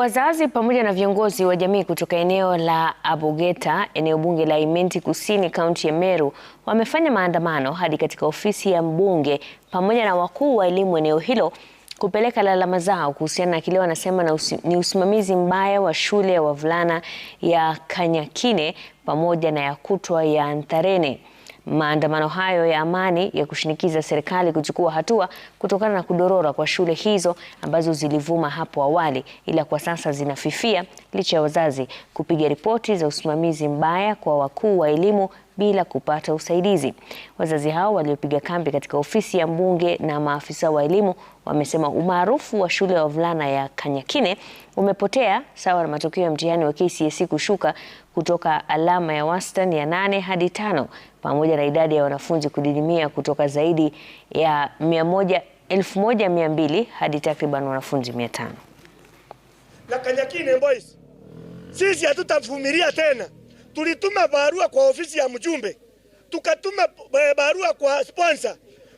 Wazazi pamoja na viongozi wa jamii kutoka eneo la Abogeta, eneo bunge la Imenti Kusini, kaunti ya Meru, wamefanya maandamano hadi katika ofisi ya mbunge pamoja na wakuu wa elimu eneo hilo kupeleka lalama zao kuhusiana na kile wanasema na usi, ni usimamizi mbaya wa shule ya wavulana ya Kanyakine pamoja na ya kutwa ya ntharene Maandamano hayo ya amani ya kushinikiza serikali kuchukua hatua kutokana na kudorora kwa shule hizo ambazo zilivuma hapo awali, ila kwa sasa zinafifia licha ya wazazi kupiga ripoti za usimamizi mbaya kwa wakuu wa elimu bila kupata usaidizi. Wazazi hao waliopiga kambi katika ofisi ya mbunge na maafisa wa elimu wamesema umaarufu wa shule ya wavulana ya Kanyakine umepotea sawa na matokeo ya mtihani wa KCSE kushuka kutoka alama ya wastani ya nane hadi tano pamoja na idadi ya wanafunzi kudidimia kutoka zaidi ya 1200 hadi takriban wanafunzi 500. La Kanyakine boys, sisi hatutavumilia tena. Tulituma barua kwa ofisi ya mjumbe, tukatuma eh, barua kwa sponsor,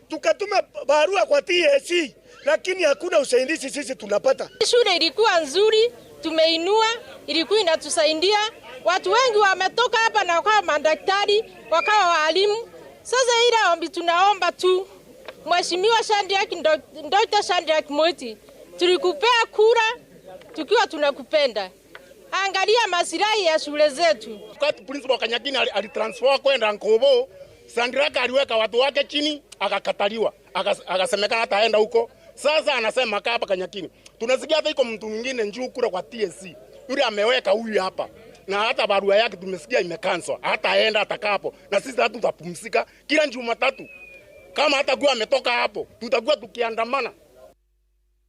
tukatuma barua kwa TSC, lakini hakuna usaidizi sisi tunapata. Shule ilikuwa nzuri, tumeinua, ilikuwa inatusaidia. Watu wengi wametoka hapa na wakawa madaktari, wakawa waalimu. Sasa ile ombi tunaomba tu, Mheshimiwa Shandrack, Dr. Shandrack Moeti, tulikupea kura tukiwa tunakupenda angalia masilahi ya shule zetu. Wakati principal Kanyagini alitransfer kwenda Nkobo, Sandiraka aliweka watu wake chini, akakataliwa, akasemekana hata aenda huko. Sasa anasema kaa hapa Kanyakini. Tunasikia hata iko mtu mwingine njuu kura kwa TSC. Yule ameweka huyu hapa. Na hata barua yake tumesikia imekanswa. Hata aenda atakapo. Na sisi hata tutapumzika kila Jumatatu. Kama hata kwa ametoka hapo, tutakuwa tukiandamana.